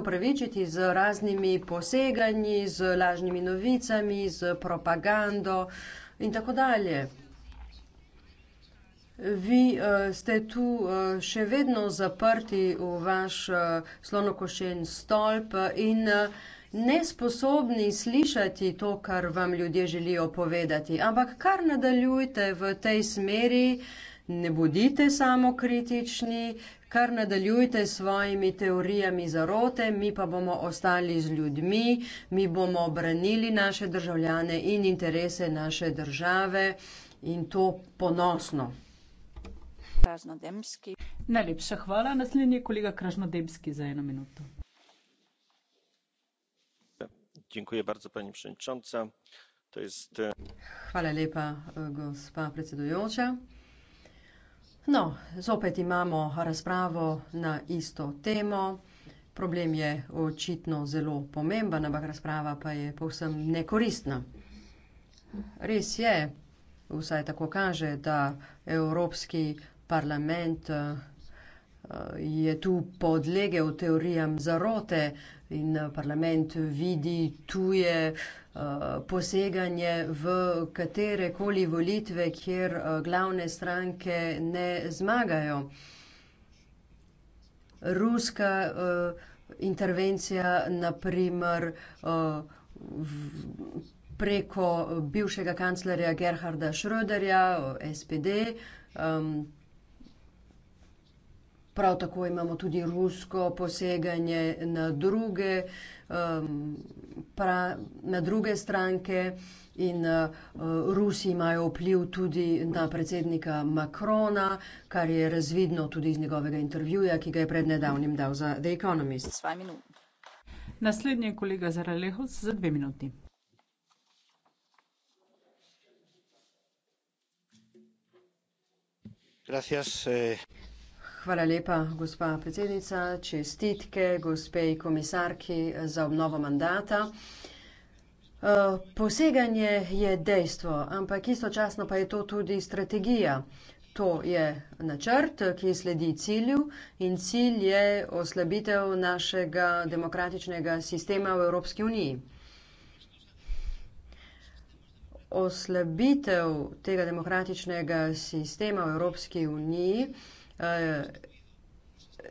upravičiti z raznimi poseganji, z lažnimi novicami, z propagando in tako dalje. Vi uh, ste tu uh, še vedno zaprti v vaš uh, slonokošen stolp in uh, nesposobni slišati to, kar vam ljudje želijo povedati. Ampak kar nadaljujte v tej smeri, ne bodite samokritični, kar nadaljujte s svojimi teorijami zarote, mi pa bomo ostali z ljudmi, mi bomo obranili naše državljane in interese naše države in to ponosno. Najlepša hvala. Naslednji je kolega Kražnodemski za eno minuto. E, hvala lepa, e, gospa predsedujoča. No, zopet imamo razpravo na isto temo. Problem je očitno zelo pomemben, ampak razprava pa je povsem nekoristna. Res je, vsaj tako kaže, da Evropski parlament eh, je tu podlegel teorijam zarote, in eh, parlament vidi tuje uh, poseganje v katerekoli volitve, kjer uh, glavne stranke ne zmagajo. Ruska uh, intervencija, naprimer, uh, v, preko bivšega kanclerja Gerharda Schröderja, SPD, um, ehm, prav tako imamo tudi rusko poseganje na druge, um, pra, na druge stranke in uh, Rusi imajo vpliv tudi na predsednika Makrona, kar je razvidno tudi iz njegovega intervjuja, ki ga je pred nedavnim dal za The Economist. Naslednji je kolega Zaralehus za dve minuti. Gracias, eh. Hvala lepa, gospa predsednica. Čestitke gospe komisarki za obnovo mandata. Eh, poseganje je dejstvo, ampak istočasno pa je to tudi strategija. To je načrt, ki sledi cilju in cilj je oslabitev našega demokratičnega sistema v Evropski uniji. Oslabitev tega demokratičnega sistema v Evropski uniji. Eh,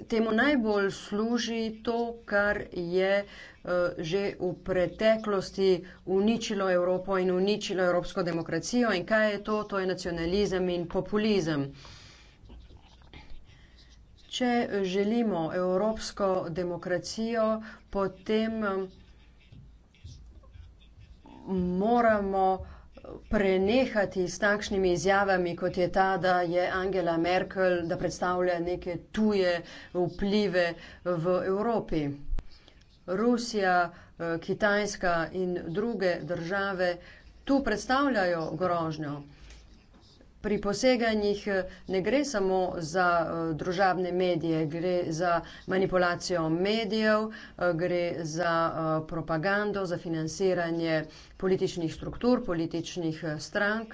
temu najbolj služi to, kar je eh, že v preteklosti uničilo Evropo in uničilo evropsko demokracijo. In kaj je to? To je nacionalizem in populizem. Če želimo evropsko demokracijo, potem eh, moramo uh, prenehati s takšnimi izjavami, kot je ta, da je Angela Merkel, da predstavlja neke tuje vplive v Evropi. Rusija, eh, Kitajska in druge države tu predstavljajo grožnjo pri poseganjih eh, ne gre samo za eh, družabne medije, gre za manipulacijo medijev, eh, gre za propagando, za financiranje političnih struktur, političnih strank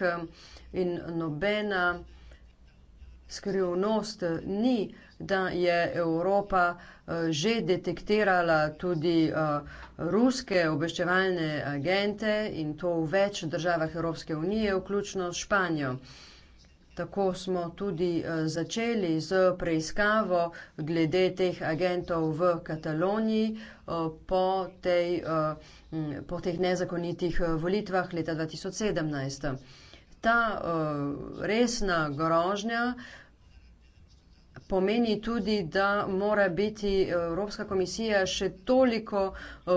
in nobena skrivnost ni, da je Evropa že detektirala tudi ruske obveščevalne agente in to v več državah Evropske unije, vključno s Španijo. Tako smo tudi, eh, začeli s preiskavo glede teh agentov v Kataloniji, eh, po tej, eh, po teh nezakonitih, volitvah leta dva tisoč sedemnajst. Ta, resna grožnja pomeni tudi, da mora biti Evropska komisija še toliko,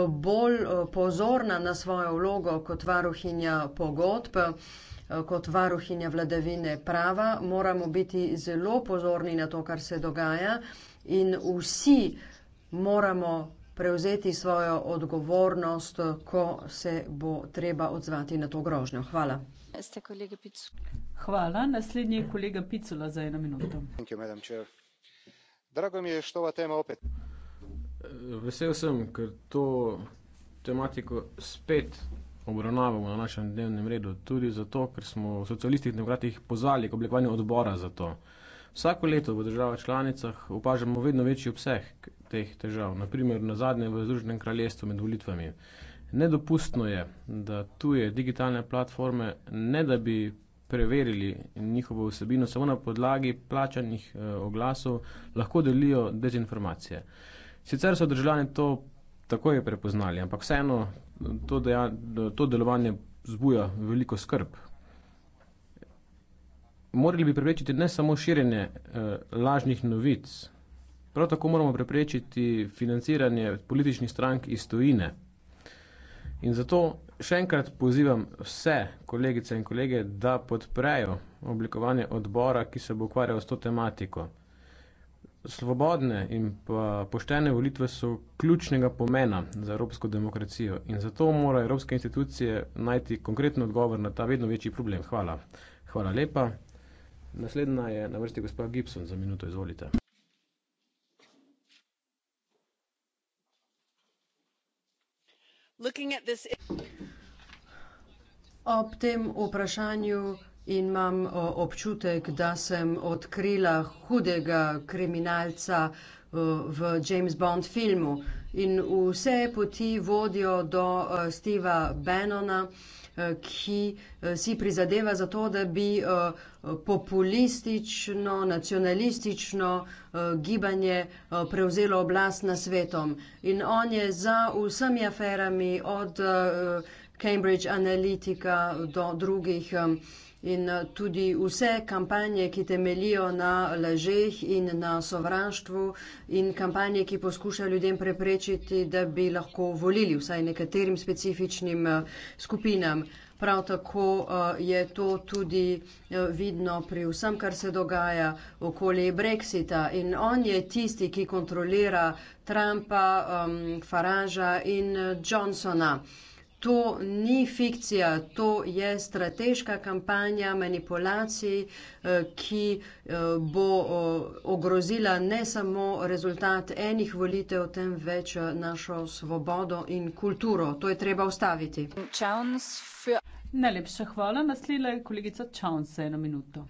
bolj, pozorna na svojo vlogo kot varuhinja pogodb, Eh, kot varuhinja vladavine prava, moramo biti zelo pozorni na to, kar se dogaja in vsi moramo prevzeti svojo odgovornost, ko se bo treba odzvati na to grožnjo. Hvala. Hvala. Naslednji je kolega Picula za eno minuto. Drago mi je, što ova tema opet. Vesel sem, ker to tematiko spet obravnavamo na našem dnevnem redu, tudi zato, ker smo v socialistih demokratih pozvali k oblikovanju odbora za to. Vsako leto v državah članicah opažamo vedno večji obseh teh težav, naprimer na zadnje v Združenem kraljestvu med volitvami. Nedopustno je, da tuje digitalne platforme, ne da bi preverili njihovo vsebino, samo na podlagi plačanih eh, oglasov, lahko delijo dezinformacije. Sicer so državljani to takoj prepoznali, ampak vseeno to, dejan, to delovanje zbuja veliko skrb. Morali bi preprečiti ne samo širjenje eh, lažnih novic, prav tako moramo preprečiti financiranje političnih strank iz tojine. In zato še enkrat pozivam vse kolegice in kolege, da podprejo oblikovanje odbora, ki se bo ukvarjal s to tematiko. Svobodne in poštene volitve so ključnega pomena za evropsko demokracijo in zato morajo evropske institucije najti konkretno odgovor na ta vedno večji problem. Hvala. Hvala lepa. Naslednja je na vrsti gospa Gibson. Za minuto izvolite. Ob tem vprašanju in imam občutek, da sem odkrila hudega kriminalca v James Bond filmu. In vse poti vodijo do Steva Bannona, ki si prizadeva za to, da bi populistično, nacionalistično gibanje prevzelo oblast na svetom. In on je za vsemi aferami od Cambridge Analytica do drugih In eh, tudi vse kampanje, ki temelijo na lažeh in na sovraštvu in kampanje, ki poskušajo ljudem preprečiti, da bi lahko volili vsaj nekaterim specifičnim eh, skupinam. Prav tako eh, je to tudi vidno pri vsem, kar se dogaja okoli Brexita. In on je tisti, ki kontrolira Trumpa, ehm, Faraža in Johnsona. To ni fikcija, to je strateška kampanja manipulacij, eh, ki eh, bo eh, ogrozila ne samo rezultat enih volitev, temveč našo svobodo in kulturo. To je treba ustaviti. Najlepša hvala. Naslednja je kolegica Čaunce, eno minuto.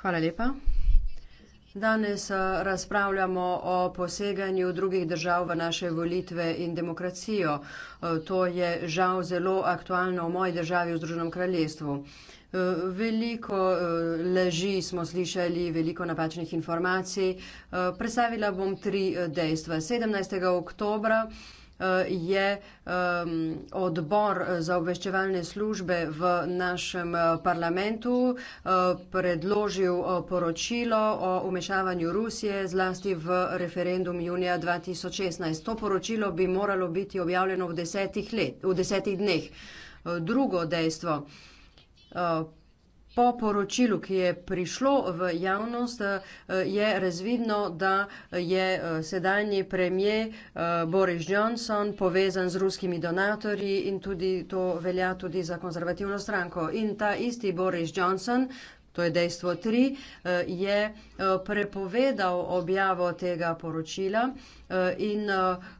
Hvala lepa. Danes eh, razpravljamo o poseganju drugih držav v naše volitve in demokracijo. Eh, to je žal zelo aktualno v moji državi v Združenem kraljestvu. Eh, veliko leži smo slišali, veliko napačnih informacij. Predstavila bom tri dejstva. 17. oktobra je um, odbor za obveščevalne službe v našem uh, parlamentu uh, predložil uh, poročilo o vmešavanju Rusije zlasti v referendum junija 2016. To poročilo bi moralo biti objavljeno v desetih, let, v desetih dneh. Drugo dejstvo. Po poročilu, ki je prišlo v javnost, eh, je razvidno, da eh, je eh, sedanji premijer Boris Johnson povezan z ruskimi donatorji in tudi to velja tudi za konzervativno stranko. In ta isti Boris Johnson, to je dejstvo tri, eh, je eh, prepovedal objavo tega poročila eh, in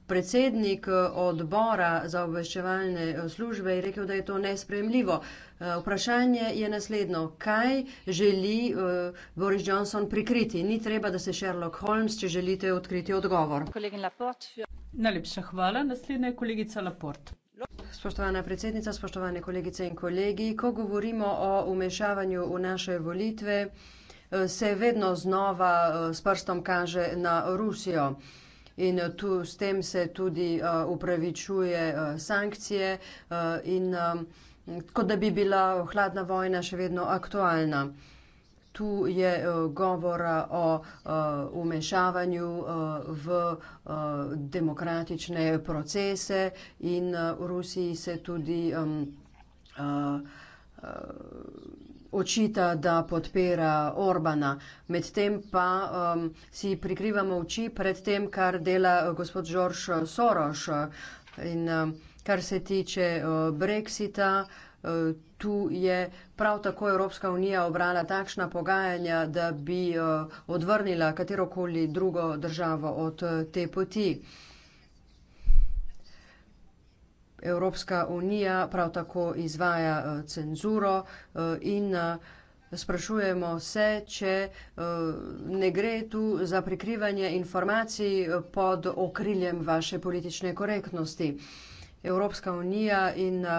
predsednik odbora za obveščevalne službe je rekel, da je to nespremljivo. Vprašanje je naslednjo, kaj želi Boris Johnson prikriti? Ni treba, da se Sherlock Holmes, če želite odkriti odgovor. Ja. Najlepša hvala. Naslednja je kolegica Laporte. Spoštovana predsednica, spoštovane kolegice in kolegi, ko govorimo o umešavanju v naše volitve, eh, se vedno znova eh, s prstom kaže na Rusijo. In tu s tem se tudi eh, upravičuje sankcije in kot da bi bila hladna vojna še vedno aktualna tu je eh, govora o umešavanju eh, eh, v demokratične procese in v Rusiji se tudi očita, da podpira Orbana. Medtem pa um, si prikrivamo oči pred tem, kar dela gospod Žorž Soroš. In um, kar se tiče uh, Brexita, uh, tu je prav tako Evropska unija obrala takšna pogajanja, da bi eh, odvrnila katerokoli drugo državo od eh, te poti. Evropska unija prav tako izvaja eh, cenzuro in sprašujemo se, če ne gre tu za prikrivanje informacij pod okriljem vaše politične korektnosti. Evropska unija in uh,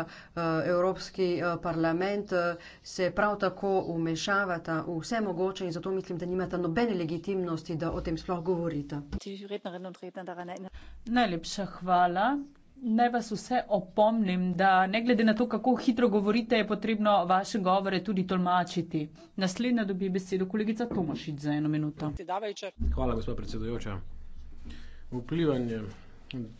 Evropski uh, parlament uh, se prav tako umešavata v vse mogoče in zato mislim, da nimata nobene legitimnosti, da o tem sploh govorite. Najlepša hvala. Naj vas vse opomnim, da ne glede na to, kako hitro govorite, je potrebno vaše govore tudi tolmačiti. Naslednja dobi besedo kolegica Tomošič za eno minuto. Hvala, gospod predsedujoča. Vplivanje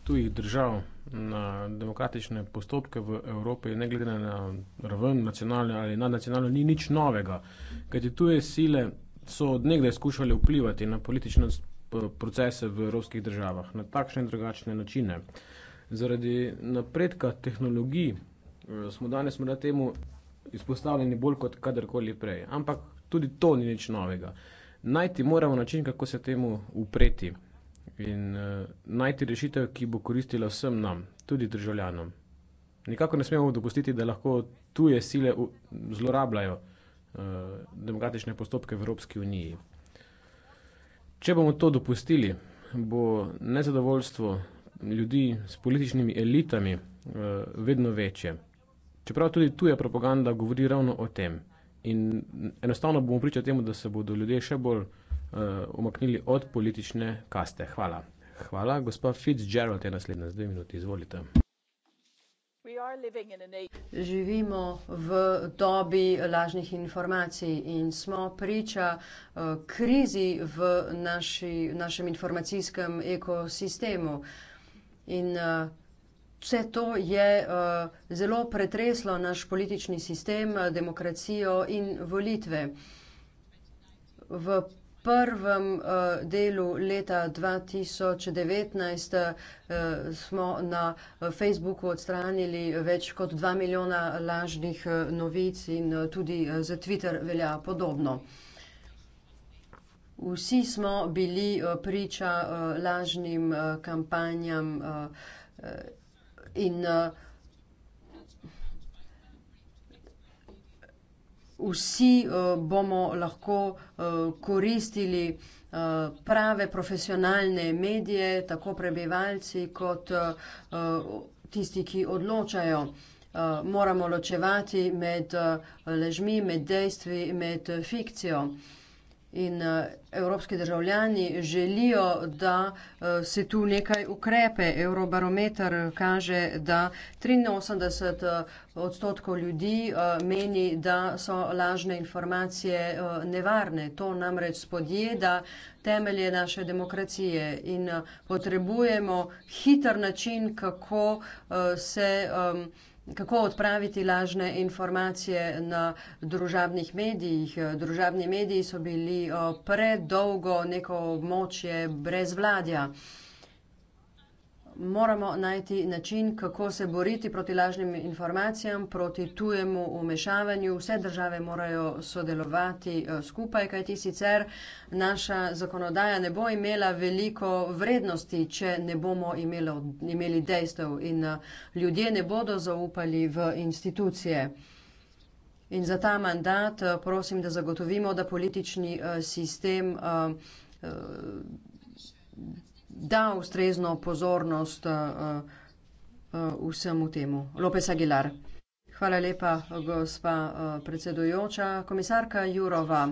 tujih držav na demokratične postopke v Evropi, ne glede na raven nacionalne ali nadnacionalne, ni nič novega. Kajti tuje sile so odnegdaj skušali vplivati na politične procese v evropskih državah na takšne in drugačne načine. Zaradi napredka tehnologij eh, smo danes morda temu izpostavljeni bolj kot kadarkoli prej. Ampak tudi to ni nič novega. Najti moramo način, kako se temu upreti in uh, najti rešitev, ki bo koristila vsem nam, tudi državljanom. Nikako ne smemo dopustiti, da lahko tuje sile u, zlorabljajo uh, demokratične postopke v Evropski uniji. Če bomo to dopustili, bo nezadovoljstvo ljudi s političnimi elitami uh, vedno večje. Čeprav tudi tuja propaganda govori ravno o tem. In enostavno bomo priča temu, da se bodo ljudje še bolj uh, umaknili od politične kaste. Hvala. Hvala, gospa Fitzgerald, je naslednja z dve minuti. Izvolite. Živimo v dobi lažnih informacij in smo priča eh, krizi v naši, našem informacijskem ekosistemu. In eh, vse to je zelo pretreslo naš politični sistem, demokracijo in volitve. V prvem uh, delu leta 2019 uh, eh, smo na uh, Facebooku odstranili več kot 2 milijona lažnih uh, novic in uh, tudi uh, za Twitter velja podobno. Vsi smo bili uh, priča uh, lažnim uh, kampanjam uh, in uh, vsi uh, bomo lahko uh, koristili uh, prave profesionalne medije, tako prebivalci kot uh, tisti, ki odločajo. Uh, moramo ločevati med uh, ležmi, med dejstvi, med uh, fikcijo. Uh, in eh, evropski državljani želijo, da eh, se tu nekaj ukrepe. Eurobarometer kaže, da 83 eh, odstotkov ljudi meni, da so lažne informacije nevarne. To namreč spodjeda temelje naše demokracije in potrebujemo hiter način, kako se. Um, Kako odpraviti lažne informacije na družabnih medijih? Družabni mediji so bili predolgo neko območje brez vladja moramo najti način, kako se boriti proti lažnim informacijam, proti tujemu umešavanju. Vse države morajo sodelovati eh, skupaj, kajti sicer naša zakonodaja ne bo imela veliko vrednosti, če ne bomo imelo, imeli dejstev in eh, ljudje ne bodo zaupali v institucije. In za ta mandat eh, prosim, da zagotovimo, da politični sistem da ustrezno pozornost eh, eh, vsemu temu. Lopes Aguilar. Hvala lepa, gospa eh, predsedujoča. Komisarka Jurova,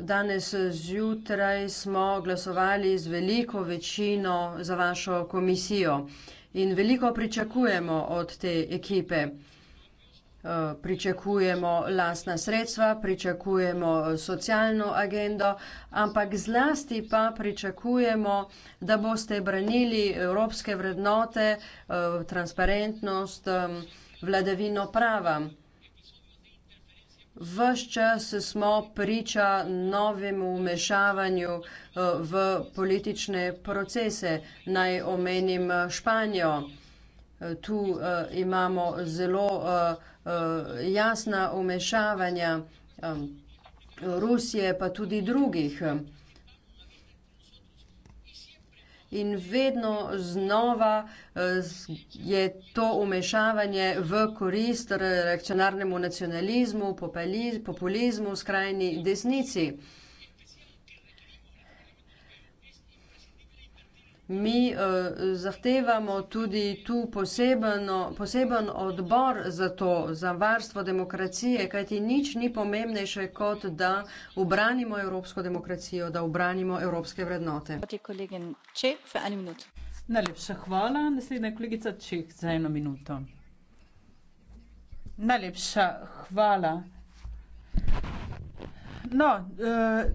danes zjutraj smo glasovali z veliko večino za vašo komisijo in veliko pričakujemo od te ekipe. Eh, pričakujemo lastna sredstva, pričakujemo eh, socialno agendo, ampak zlasti pa pričakujemo, da boste branili evropske vrednote, eh, transparentnost, vladavino prava. Vš čas smo priča novemu vmešavanju v politične procese. Naj omenim Španijo. Tu imamo zelo Eh, jasna vmešavanja, Rusije pa tudi drugih. In vedno znova, eh, je to vmešavanje v korist reakcionarnemu nacionalizmu, populizmu, skrajni desnici. Mi uh, zahtevamo tudi tu posebeno, poseben odbor za to, za varstvo demokracije, kajti nič ni pomembnejše, kot da obranimo evropsko demokracijo, da obranimo evropske vrednote. Najlepša hvala. Naslednja je kolegica Čeh za eno minuto. Najlepša hvala. No, uh,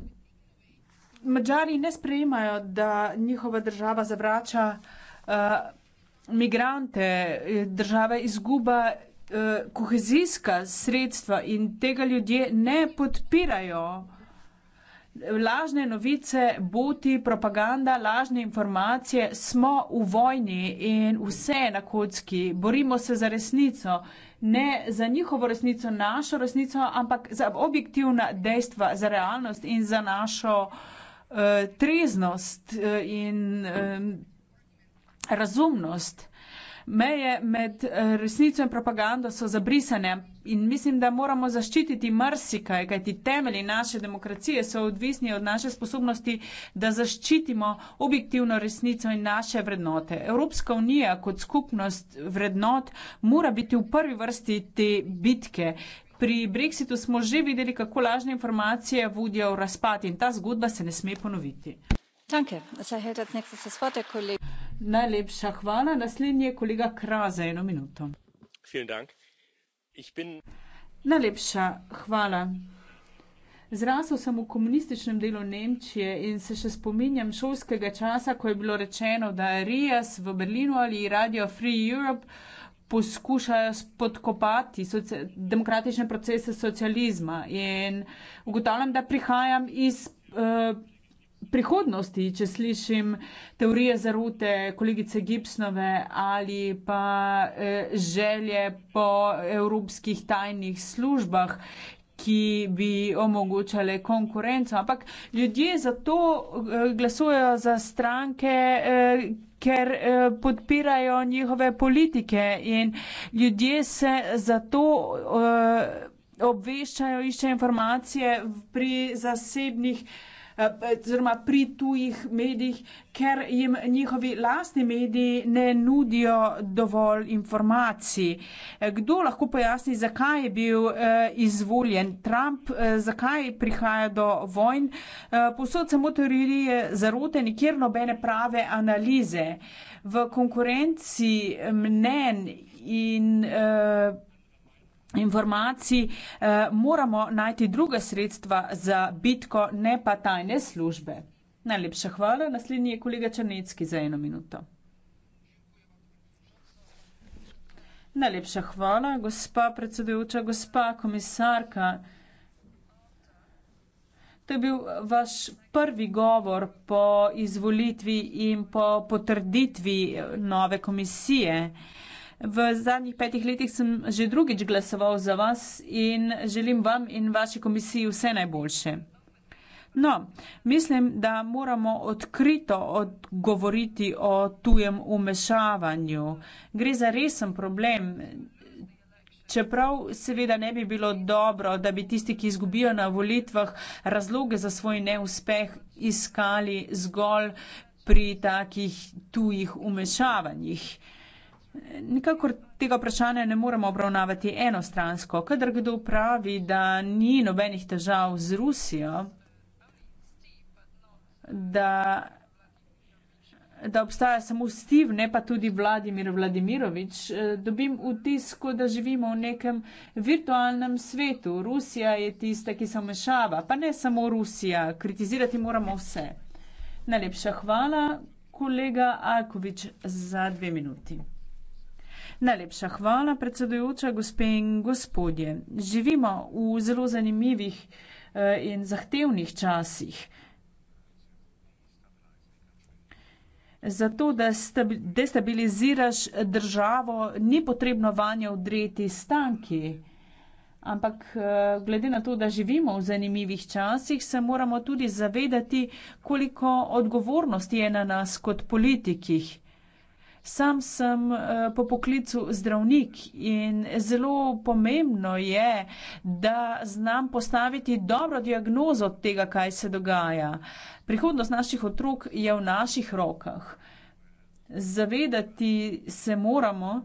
Mačari ne sprejemajo, da njihova država zavrača uh, migrante, država izguba uh, kohezijska sredstva in tega ljudje ne podpirajo. Lažne novice, boti, propaganda, lažne informacije, smo v vojni in vse je na kocki, borimo se za resnico, ne za njihovo resnico, našo resnico, ampak za objektivna dejstva, za realnost in za našo uh, uh, treznost uh, in um, razumnost. Meje med eh, resnico in propagando so zabrisane in mislim, da moramo zaščititi mrsikaj, kajti temelji naše demokracije so odvisni od naše sposobnosti, da zaščitimo objektivno resnico in naše vrednote. Evropska unija kot skupnost vrednot mora biti v prvi vrsti te bitke Pri Brexitu smo že videli, kako lažne informacije vodijo v razpad in ta zgodba se ne sme ponoviti. Najlepša hvala. Naslednji je kolega Kra za eno minuto. Najlepša hvala. Zrasel sem v komunističnem delu Nemčije in se še spominjam šolskega časa, ko je bilo rečeno, da je RIAS v Berlinu ali Radio Free Europe poskušajo spodkopati soci demokratične procese socializma. In ugotavljam, da prihajam iz uh, prihodnosti, če slišim teorije zarute kolegice Gibsonove ali pa uh, želje po evropskih tajnih službah, ki bi omogočale konkurenco. Ampak ljudje zato eh, glasujejo za stranke, eh, ker eh, podpirajo njihove politike in ljudje se zato obveščajo, iščejo informacije pri zasebnih. Eh, oziroma pri tujih medijih, ker jim njihovi lastni mediji ne nudijo dovolj informacij. Eh, kdo lahko pojasni, zakaj je bil eh, izvoljen Trump, zakaj prihaja do vojn? Posod samo teorije je zarote, nikjer nobene prave analize. V konkurenci mnen in uh, informacij, eh, moramo najti druga sredstva za bitko, ne pa tajne službe. Najlepša hvala. Naslednji je kolega Črnecki za eno minuto. Najlepša hvala, gospa predsedujoča, gospa komisarka. To je bil vaš prvi govor po izvolitvi in po potrditvi nove komisije. Uh, V zadnjih petih letih sem že drugič glasoval za vas in želim vam in vaši komisiji vse najboljše. No, mislim, da moramo odkrito odgovoriti o tujem umešavanju. Gre za resen problem. Čeprav seveda ne bi bilo dobro, da bi tisti, ki izgubijo na volitvah razloge za svoj neuspeh, iskali zgolj pri takih tujih umešavanjih. Uh, Nikakor tega vprašanja ne moremo obravnavati enostransko. Kadar kdo pravi, da ni nobenih težav z Rusijo, da, da obstaja samo Stiv, ne pa tudi Vladimir Vladimirovič, dobim vtis, kot da živimo v nekem virtualnem svetu. Rusija je tista, ki se vmešava, pa ne samo Rusija. Kritizirati moramo vse. Najlepša hvala, kolega Alkovič, za dve minuti. Najlepša hvala, predsedujoča, gospe in gospodje. Živimo v zelo zanimivih eh, in zahtevnih časih. Zato, da destabiliziraš državo, ni potrebno vanje odreti stanki. Ampak eh, glede na to, da živimo v zanimivih časih, se moramo tudi zavedati, koliko odgovornosti je na nas kot politikih. Sam sem eh, po poklicu zdravnik in zelo pomembno je, da znam postaviti dobro diagnozo tega, kaj se dogaja. Prihodnost naših otrok je v naših rokah. Zavedati se moramo,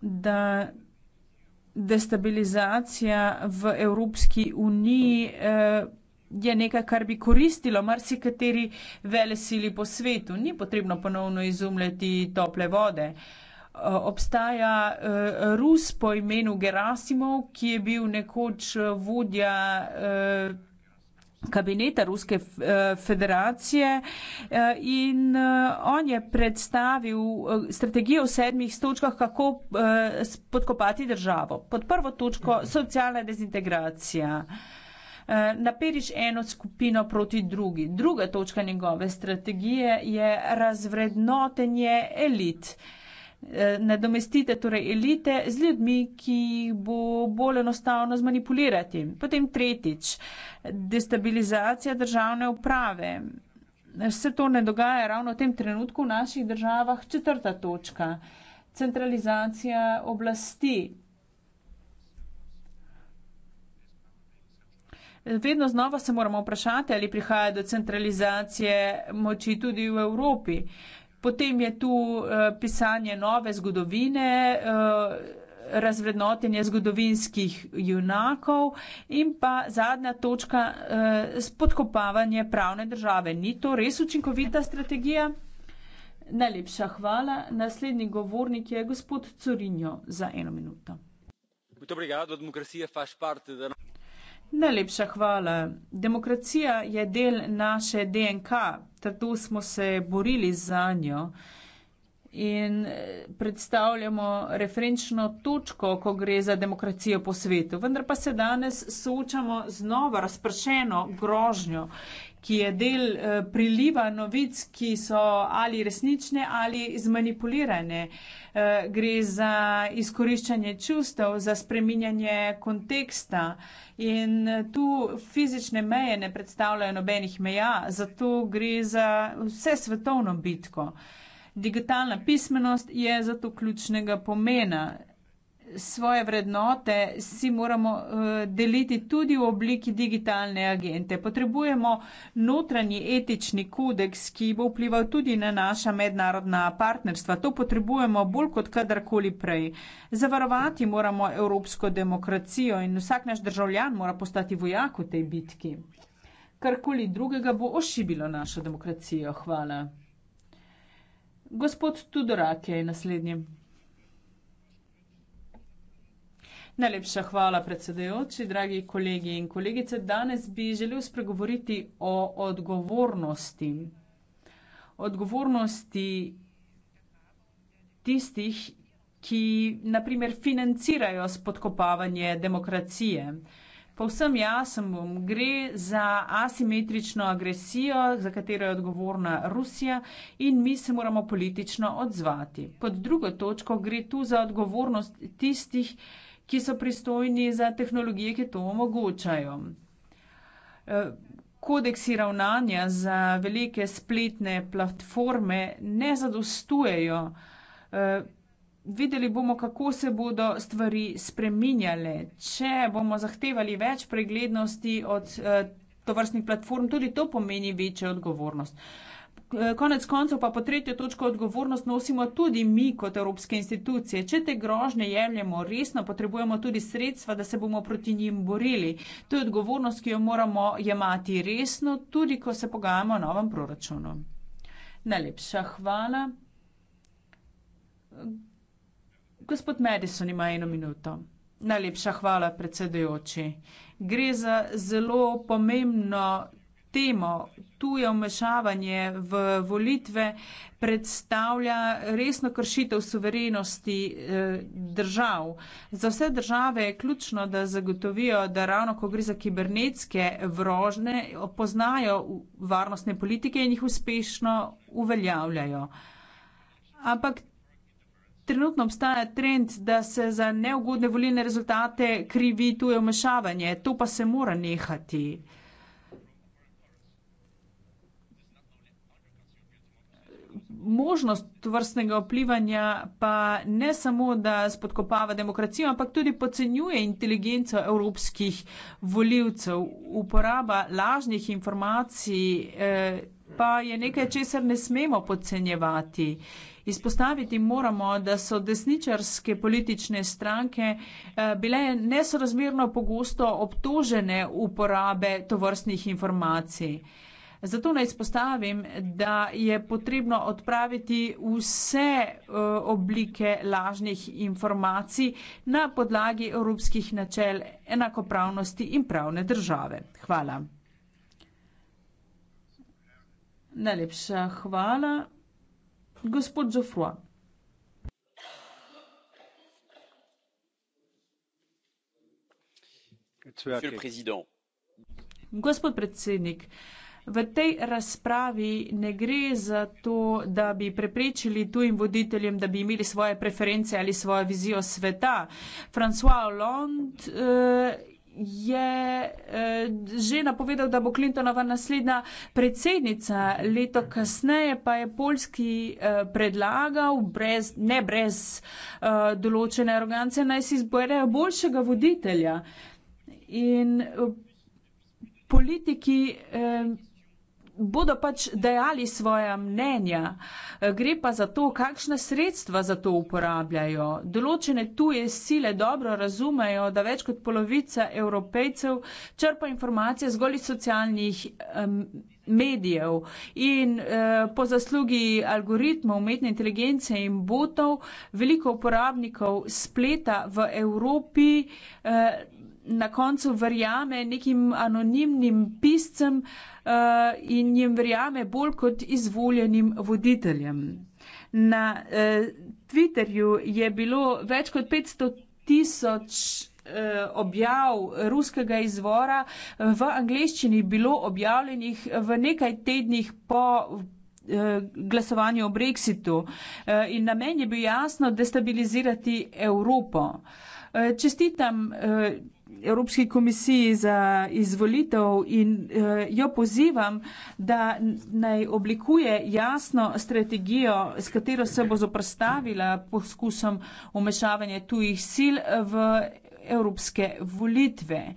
da destabilizacija v Evropski uniji. Eh, je nekaj, kar bi koristilo marsikateri velesili po svetu. Ni potrebno ponovno izumljati tople vode. Obstaja e, Rus po imenu Gerasimov, ki je bil nekoč e, vodja e, kabineta Ruske federacije in on je predstavil strategijo v sedmih točkah, kako podkopati državo. Pod prvo točko socialna dezintegracija. Eh, naperiš eno skupino proti drugi. Druga točka njegove strategije je razvrednotenje elit. Eh, Nadomestite torej elite z ljudmi, ki jih bo bolj enostavno zmanipulirati. Potem tretjič, destabilizacija državne uprave. Se to ne dogaja ravno v tem trenutku v naših državah. Četrta točka, centralizacija oblasti. Vedno znova se moramo vprašati, ali prihaja do centralizacije moči tudi v Evropi. Potem je tu eh, pisanje nove zgodovine, eh, razvrednotenje zgodovinskih junakov in pa zadnja točka eh, spodkopavanje pravne države. Ni to res učinkovita strategija? Najlepša hvala. Naslednji govornik je gospod Corinjo za eno minuto. Najlepša hvala. Demokracija je del naše DNK, tako smo se borili za njo in eh, predstavljamo referenčno točko, ko gre za demokracijo po svetu. Vendar pa se danes soočamo z novo razpršeno grožnjo, ki je del eh, priliva novic, ki so ali resnične ali zmanipulirane. Eh, gre za izkoriščanje čustev, za spreminjanje konteksta. In eh, tu fizične meje ne predstavljajo nobenih meja, zato gre za vse svetovno bitko. Digitalna pismenost je zato ključnega pomena svoje vrednote si moramo uh, deliti tudi v obliki digitalne agente. Potrebujemo notranji etični kodeks, ki bo vplival tudi na naša mednarodna partnerstva. To potrebujemo bolj kot kadarkoli prej. Zavarovati moramo evropsko demokracijo in vsak naš državljan mora postati vojak v tej bitki. Karkoli drugega bo ošibilo našo demokracijo. Hvala. Gospod Tudorak je naslednji. Najlepša hvala, predsedujoči, dragi kolegi in kolegice. Danes bi želel spregovoriti o odgovornosti. Odgovornosti tistih, ki naprimer financirajo spodkopavanje demokracije. Povsem jasno bom, gre za asimetrično agresijo, za katero je odgovorna Rusija in mi se moramo politično odzvati. Pod drugo točko gre tu za odgovornost tistih, ki so pristojni za tehnologije, ki to omogočajo. E, kodeksi ravnanja za velike spletne platforme ne zadostujejo. E, videli bomo, kako se bodo stvari spreminjale. Če bomo zahtevali več preglednosti od e, tovrstnih platform, tudi to pomeni večjo odgovornost. Eh, konec koncev pa po tretjo točko odgovornost nosimo tudi mi kot evropske institucije. Če te grožnje jemljemo resno, potrebujemo tudi sredstva, da se bomo proti njim borili. To je odgovornost, ki jo moramo jemati resno, tudi ko se pogajamo o novem proračunu. Najlepša hvala. Gospod Madison ima eno minuto. Najlepša hvala, predsedujoči. Gre za zelo pomembno temo, tuje vmešavanje v volitve, predstavlja resno kršitev suverenosti eh, držav. Za vse države je ključno, da zagotovijo, da ravno ko gre za kibernetske vrožne, poznajo varnostne politike in jih uspešno uveljavljajo. Ampak trenutno obstaja trend, da se za neugodne volilne rezultate krivi tuje vmešavanje. To pa se mora nehati. možnost vrstnega vplivanja pa ne samo, da spodkopava demokracijo, ampak tudi pocenjuje inteligenco evropskih voljivcev. Uporaba lažnih informacij eh, pa je nekaj, česar ne smemo pocenjevati. Izpostaviti moramo, da so desničarske politične stranke eh, bile nesorazmerno pogosto obtožene uporabe tovrstnih informacij. Zato naj spostavim, da je potrebno odpraviti vse eh, oblike lažnih informacij na podlagi evropskih načel enakopravnosti in pravne države. Hvala. Najlepša hvala. Gospod Zofrua. Gospod predsednik, V tej razpravi ne gre za to, da bi preprečili tujim voditeljem, da bi imeli svoje preference ali svojo vizijo sveta. François Hollande eh, je eh, že napovedal, da bo Clintonova naslednja predsednica. Leto kasneje pa je Poljski eh, predlagal, brez, ne brez določene arogance, naj si izberejo boljšega voditelja. In politiki bodo pač dejali svoja mnenja. Eh, gre pa za to, kakšna sredstva za to uporabljajo. Določene tuje sile dobro razumejo, da več kot polovica evropejcev črpa informacije zgolj iz socialnih um, medijev in uh, po zaslugi algoritmov umetne inteligence in botov veliko uporabnikov spleta v Evropi uh, na koncu verjame nekim anonimnim piscem uh, in jim verjame bolj kot izvoljenim voditeljem. Na uh, Twitterju je bilo več kot 500 tisoč eh, objav ruskega izvora v angleščini bilo objavljenih v nekaj tednih po glasovanju o brexitu in namen je bil jasno destabilizirati Evropo. Čestitam Evropski komisiji za izvolitev in eh, jo pozivam, da naj oblikuje jasno strategijo, s katero se bo zoprstavila poskusom umešavanja tujih sil v evropske volitve.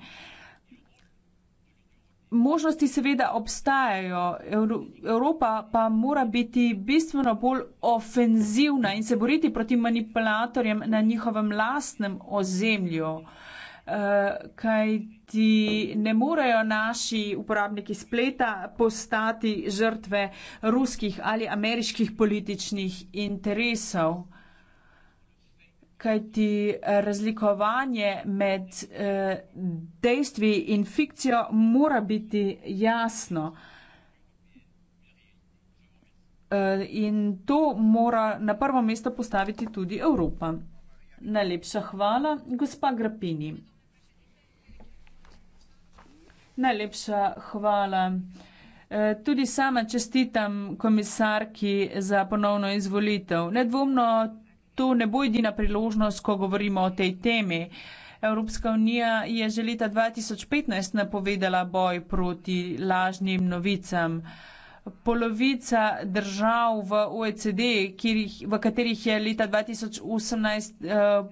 Možnosti seveda obstajajo, Evropa pa mora biti bistveno bolj ofenzivna in se boriti proti manipulatorjem na njihovem lastnem ozemlju. Eh, kaj ti ne morejo naši uporabniki spleta postati žrtve ruskih ali ameriških političnih interesov. Kaj ti eh, razlikovanje med eh, dejstvi in fikcijo mora biti jasno. In to mora na prvo mesto postaviti tudi Evropa. Najlepša hvala, gospa Grapini. Najlepša hvala. E, tudi sama čestitam komisarki za ponovno izvolitev. Nedvomno to ne bo edina priložnost, ko govorimo o tej temi. Evropska unija je že leta 2015 napovedala boj proti lažnim novicam. Polovica držav v OECD, v katerih je leta 2018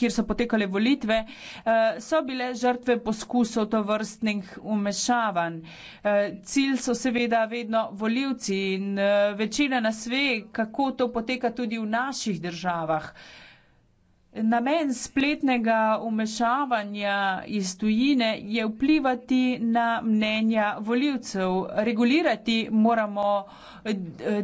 kjer so potekale volitve, eh, so bile žrtve poskusov to vrstnih umešavanj. Eh, cilj so seveda vedno voljivci in eh, večina nas ve, kako to poteka tudi v naših državah. Namen spletnega umešavanja iz tujine je vplivati na mnenja voljivcev. Regulirati moramo eh,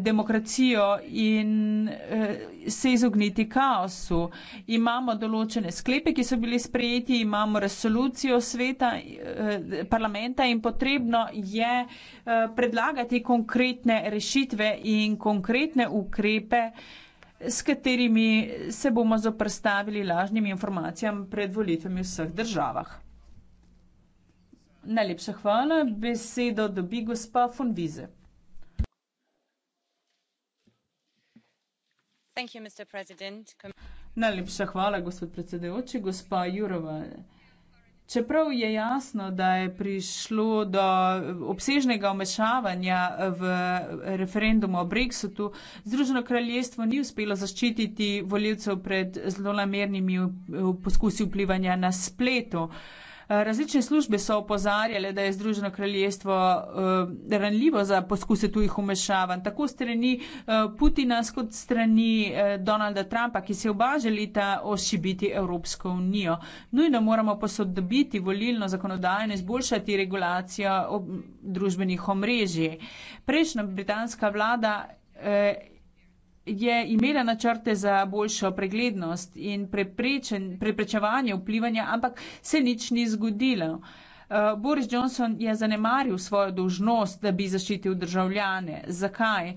demokracijo in eh, se izogniti kaosu. Imamo določene sklepe, ki so bili sprejeti, imamo resolucijo sveta, eh, parlamenta in potrebno je predlagati konkretne rešitve in konkretne ukrepe, s katerimi se bomo zoprstavili lažnim informacijam pred volitvami v vseh državah. Najlepša hvala. Besedo dobi gospa von Vize. Najlepša hvala, gospod predsedujoči. Gospa Jurova. Čeprav je jasno, da je prišlo do obsežnega omešavanja v referendumu o Brexitu, Združeno kraljestvo ni uspelo zaščititi voljivcev pred zlonamernimi poskusi vplivanja na spletu. Različne službe so opozarjale, da je Združeno kraljestvo eh, ranljivo za poskuse tujih umešavanj, tako strani eh, Putina, kot strani eh, Donalda Trumpa, ki se oba želita ošibiti Evropsko unijo. Nujno moramo posodobiti volilno zakonodajo in izboljšati regulacijo družbenih omrežij. Prejšnja britanska vlada je imela načrte za boljšo preglednost in preprečevanje vplivanja, ampak se nič ni zgodilo. Uh, Boris Johnson je zanemaril svojo dožnost, da bi zaščitil državljane. Zakaj?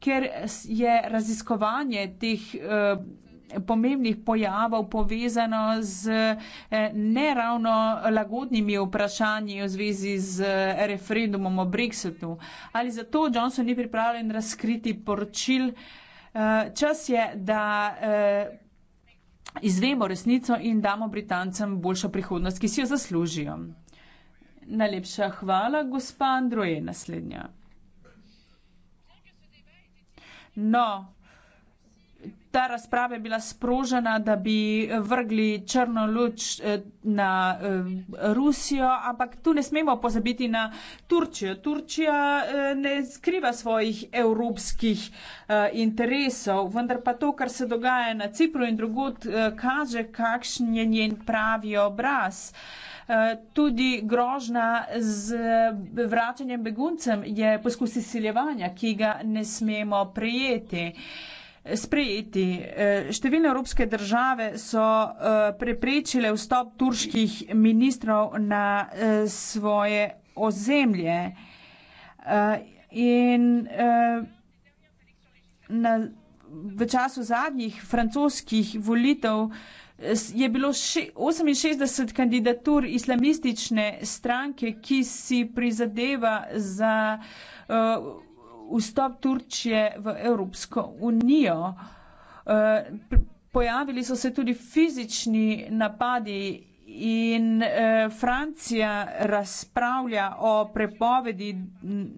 Ker je raziskovanje teh eh, pomembnih pojavov povezano z eh, neravno lagodnimi vprašanji v zvezi z eh, referendumom o Brexitu. Ali zato Johnson ni pripravljen razkriti poročil, Eh, čas je, da eh, izvemo resnico in damo Britancem boljšo prihodnost, ki si jo zaslužijo. Najlepša hvala, gospa Androje, naslednja. No, ta razprava bila sprožena, da bi vrgli črno luč eh, na eh, Rusijo, ampak tu ne smemo pozabiti na Turčijo. Turčija eh, ne skriva svojih evropskih interesov, vendar pa to, kar se dogaja na Cipru in drugod, kaže, kakšen je njen pravi obraz. Tudi grožna z vračanjem beguncem je poskus izsiljevanja, ki ga ne smemo prijeti sprejeti. E, številne evropske države so e, preprečile vstop turških ministrov na e, svoje ozemlje. In na, v času zadnjih francoskih volitev je bilo še 68 kandidatur islamistične stranke, ki si prizadeva za uh, vstop Turčije v Evropsko unijo. Eh, pojavili so se tudi fizični napadi in eh, Francija razpravlja o prepovedi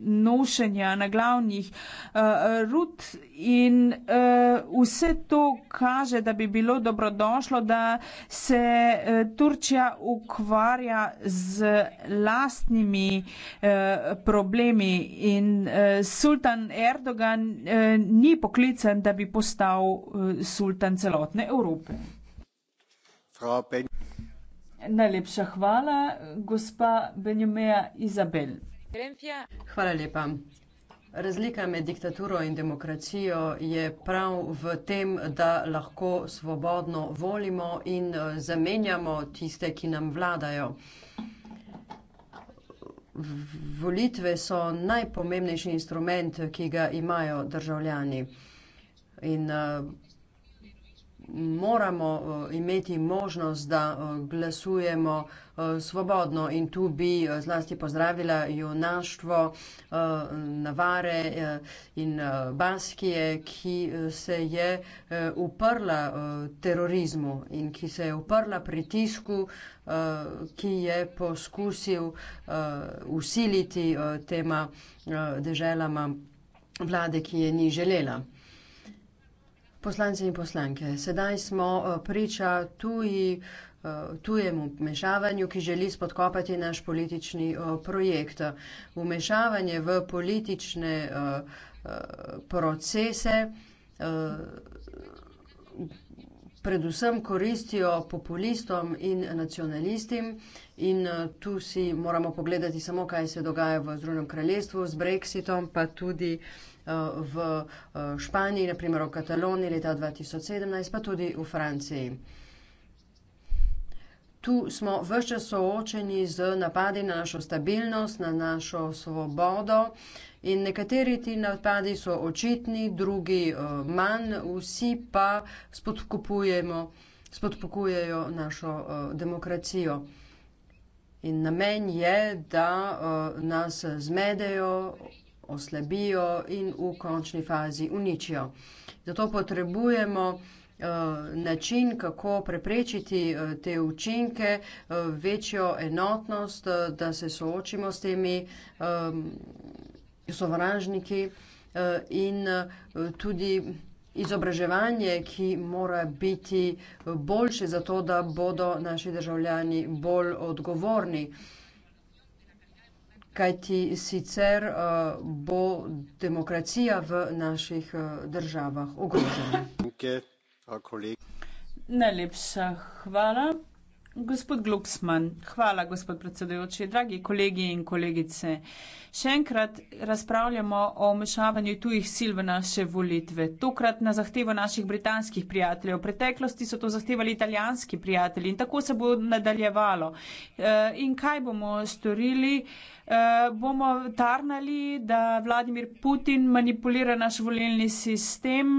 nošenja na glavnih eh, rut in eh, vse to kaže, da bi bilo dobrodošlo, da se eh, Turčija ukvarja z lastnimi eh, problemi in eh, sultan Erdogan eh, ni poklican, da bi postal eh, sultan celotne Evrope. Frau ben Najlepša hvala, gospa Benjamina Izabel. Hvala lepa. Razlika med diktaturo in demokracijo je prav v tem, da lahko svobodno volimo in zamenjamo tiste, ki nam vladajo. Volitve so najpomembnejši instrument, ki ga imajo državljani. In moramo eh, imeti možnost, da eh, glasujemo eh, svobodno in tu bi zlasti pozdravila junaštvo Navare in Baskije, ki se je uprla terorizmu in ki se je uprla pritisku, ki je poskusil usiliti tema deželama vlade, ki je ni želela. Poslanci in poslanke, sedaj smo eh, priča tuji, eh, tujemu vmešavanju, ki želi spodkopati naš politični eh, projekt. Vmešavanje v politične procese predvsem koristijo populistom in nacionalistom. In eh, tu si moramo pogledati samo, kaj se dogaja v Združenem kraljestvu z Brexitom, pa tudi eh, v eh, Španiji, naprimer v Kataloniji leta 2017, pa tudi v Franciji. Tu smo vse čas soočeni z napadi na našo stabilnost, na našo svobodo. In nekateri ti napadi so očitni, drugi eh, manj, vsi pa spodkopujejo našo eh, demokracijo. In namen je, da eh, nas zmedejo, oslabijo in v končni fazi uničijo. Zato potrebujemo način, kako preprečiti te učinke, večjo enotnost, da se soočimo s temi učinkami, sovražniki eh, in eh, tudi izobraževanje, ki mora biti eh, boljše za to, da bodo naši državljani bolj odgovorni. Kajti sicer bo demokracija v naših državah ogrožena. Najlepša hvala. Gospod Glucksmann, hvala, gospod predsedujoči, dragi kolegi in kolegice. Še enkrat razpravljamo o vmešavanju tujih sil v naše volitve. Tokrat na zahtevo naših britanskih prijateljev. V preteklosti so to zahtevali italijanski prijatelji in tako se bo nadaljevalo. E, in kaj bomo storili? E, bomo tarnali, da Vladimir Putin manipulira naš volilni sistem,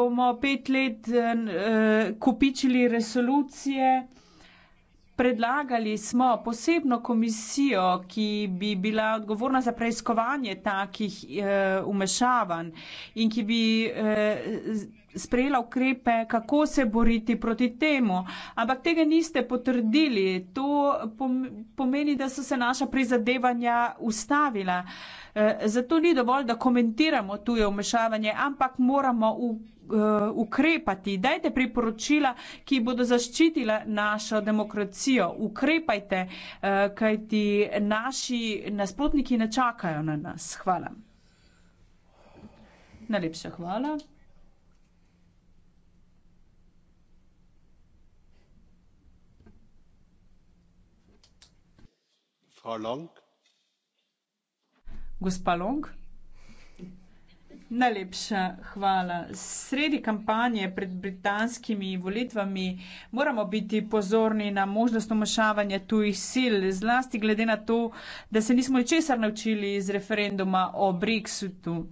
bomo pet let e, kopičili resolucije. Predlagali smo posebno komisijo, ki bi bila odgovorna za preiskovanje takih e, eh, umešavanj in ki bi e, sprejela ukrepe, kako se boriti proti temu. Ampak tega niste potrdili. To pomeni, da so se naša prizadevanja ustavila. E, zato ni dovolj, da komentiramo tuje umešavanje, ampak moramo ukrepiti. Eh, ukrepati, dajte priporočila, ki bodo zaščitila našo demokracijo. Ukrepajte, eh, kajti naši nasprotniki ne čakajo na nas. Hvala. Najlepša hvala. Gospa Long. Najlepša hvala. Sredi kampanje pred britanskimi volitvami moramo biti pozorni na možnost omašavanja tujih sil, zlasti glede na to, da se nismo ničesar naučili iz referenduma o Brexitu. Uh,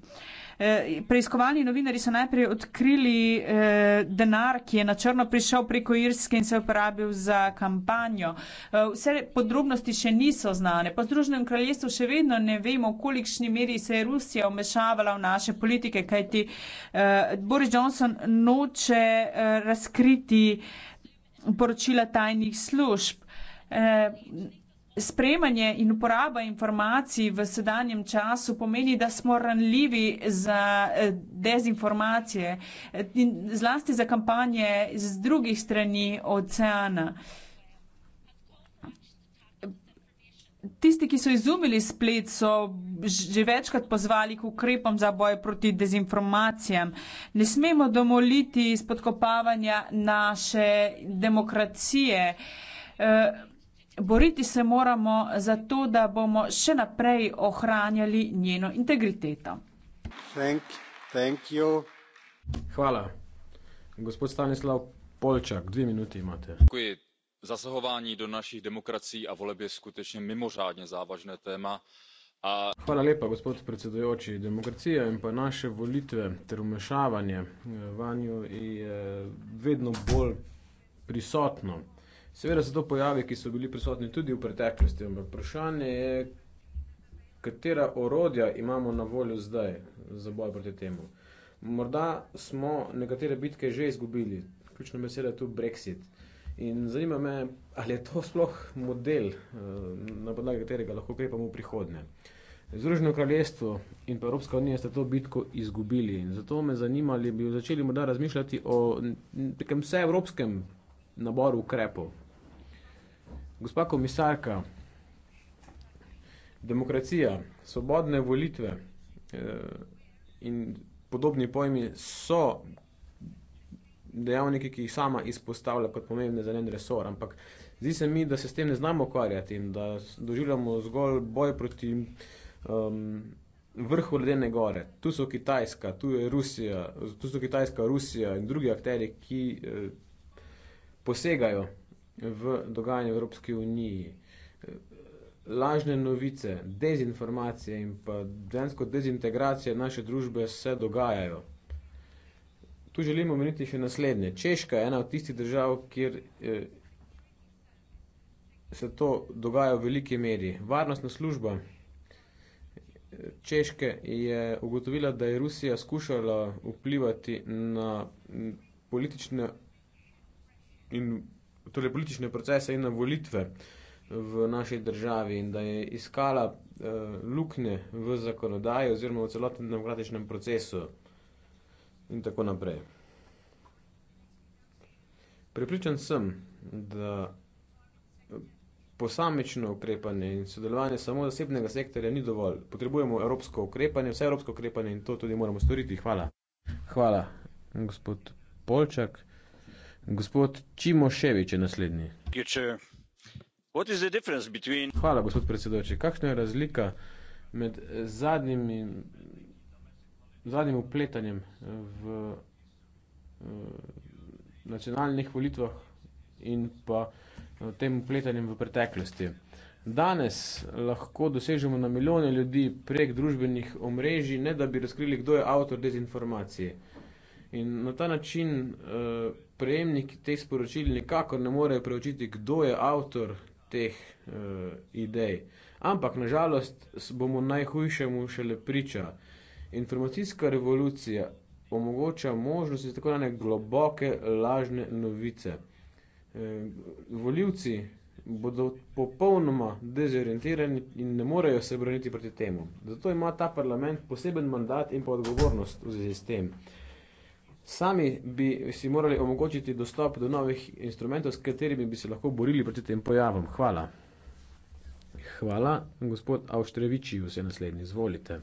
Eh, preiskovalni novinari so najprej odkrili eh, denar, ki je na črno prišel preko Irske in se je uporabil za kampanjo. Eh, vse podrobnosti še niso znane. Po Združenem kraljestvu še vedno ne vemo, v kolikšni meri se je Rusija omešavala v naše politike, kajti Boris Johnson noče razkriti poročila tajnih služb. Sprejemanje in uporaba informacij v sedanjem času pomeni, da smo ranljivi za eh, dezinformacije eh, in zlasti za kampanje z drugih strani oceana. Tisti, ki so izumili splet, so že večkrat pozvali k ukrepom za boj proti dezinformacijam. Ne smemo domoliti spodkopavanja naše demokracije. Uh, Boriti se moramo za to, da bomo še naprej ohranjali njeno integriteto. Thank, thank Hvala. Gospod Stanislav Polčak, dve minuti imate. Děkuji. Zasahování do naših demokracií a voleb je skutečně mimořádně závažné téma. A... Hvala lepa, gospod predsedujoči. Demokracija in pa naše volitve ter umešavanje eh, vanjo je eh, vedno bolj prisotno. Seveda so to pojavi, ki so bili prisotni tudi v preteklosti, ampak vprašanje je, katera orodja imamo na voljo zdaj za boj proti temu. Morda smo nekatere bitke že izgubili, ključna beseda je tu Brexit. In zanima me, ali je to sploh model, eh, na podlagi katerega lahko ukrepamo v prihodnje. Združeno kraljestvo in pa Evropska unija sta to bitko izgubili in zato me zanimali, bi začeli morda razmišljati o nekem vseevropskem naboru ukrepov, Gospa komisarka, demokracija, svobodne volitve eh, in podobni pojmi so dejavniki, ki jih sama izpostavlja kot pomembne za njen resor, ampak zdi se mi, da se s tem ne znamo ukvarjati in da doživljamo zgolj boj proti um, vrhu ledene gore. Tu so Kitajska, tu je Rusija, tu so Kitajska, Rusija in drugi akteri, ki eh, posegajo v dogajanju v Evropski uniji. Lažne novice, dezinformacije in pa dejansko dezintegracije naše družbe se dogajajo. Tu želimo omeniti še naslednje. Češka je ena od tistih držav, kjer eh, se to dogaja v veliki meri. Varnostna služba eh, Češke je ugotovila, da je Rusija skušala vplivati na politične in torej politične procese in na volitve v naši državi in da je iskala uh, luknje v zakonodaji oziroma v celotnem demokratičnem procesu in tako naprej. Pripričan sem, da posamično ukrepanje in sodelovanje samo zasebnega sektorja ni dovolj. Potrebujemo evropsko ukrepanje, vse evropsko ukrepanje in to tudi moramo storiti. Hvala. Hvala, gospod Polčak. Gospod Čimoševič je naslednji. Hvala, gospod predsedoči. Kakšna je razlika med zadnjimi, zadnjim upletanjem v, v eh, nacionalnih volitvah in pa eh, tem upletanjem v preteklosti? Danes lahko dosežemo na milijone ljudi prek družbenih omrežij, ne da bi razkrili, kdo je avtor dezinformacije. In na ta način. V, eh, prejemniki teh sporočil nikakor ne morejo preučiti, kdo je avtor teh uh, idej. Ampak nažalost bomo najhujšemu šele priča. Informacijska revolucija omogoča možnosti tako imenovane globoke lažne novice. E, eh, voljivci bodo popolnoma dezorientirani in ne morejo se braniti proti temu. Zato ima ta parlament poseben mandat in pa odgovornost v zvezi s tem. Sami bi si morali omogočiti dostop do novih instrumentov, s katerimi bi se lahko borili proti tem pojavom. Hvala. Hvala. Gospod Avštrevičji, vse naslednji, izvolite.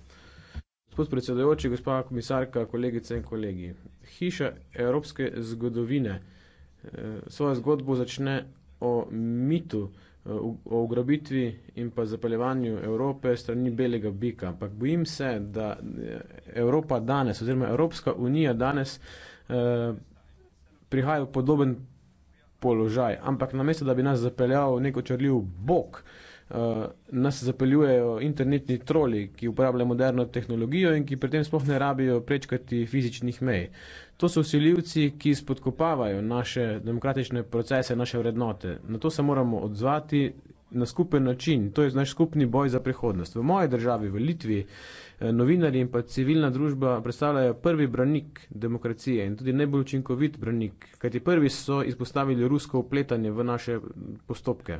Gospod predsedojoči, gospa komisarka, kolegice in kolegi. Hiša evropske zgodovine eh, svojo zgodbo začne o mitu, Eh, o ugrabitvi in pa zapeljevanju Evrope strani belega bika. Ampak bojim se, da eh, Evropa danes oziroma Evropska unija danes eh, prihaja v podoben položaj. Ampak namesto, da bi nas zapeljal neko črljiv bok, uh, nas zapeljujejo internetni troli, ki uporabljajo moderno tehnologijo in ki pri tem sploh ne rabijo prečkati fizičnih mej. To so usiljivci, ki spodkopavajo naše demokratične procese, naše vrednote. Na to se moramo odzvati na skupen način. To je naš skupni boj za prihodnost. V moji državi, v Litvi, eh, novinari in pa civilna družba predstavljajo prvi branik demokracije in tudi najbolj učinkovit branik, kajti prvi so izpostavili rusko upletanje v naše postopke.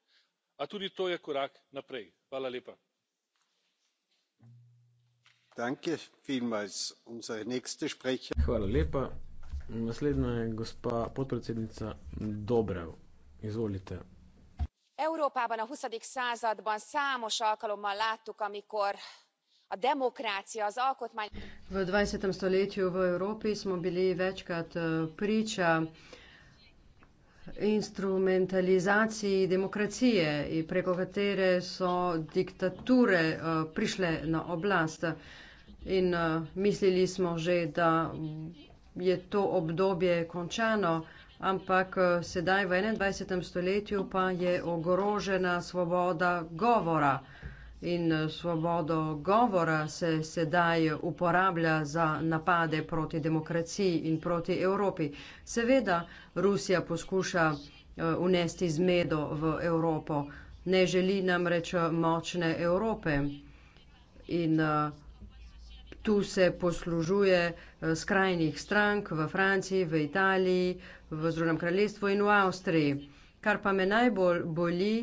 a tudi to je korak naprej. hvala lepa. európában a huszadik században számos alkalommal láttuk amikor a demokrácia az alkotmány. v dvajsetem stoletju v európi smo bili večkrat eh, priča instrumentalizaciji demokracije, preko katere so diktature eh, prišle na oblast. In eh, mislili smo že, da je to obdobje končano, ampak eh, sedaj v 21. stoletju pa je ogrožena svoboda govora. In eh, svobodo govora se sedaj uporablja za napade proti demokraciji in proti Evropi. Seveda, Rusija poskuša eh, unesti zmedo v Evropo. Ne želi namreč eh, močne Evrope. In tu se poslužuje skrajnih strank v Franciji, v Italiji, v Združenem kraljestvu in v Avstriji. Kar pa me najbolj boli,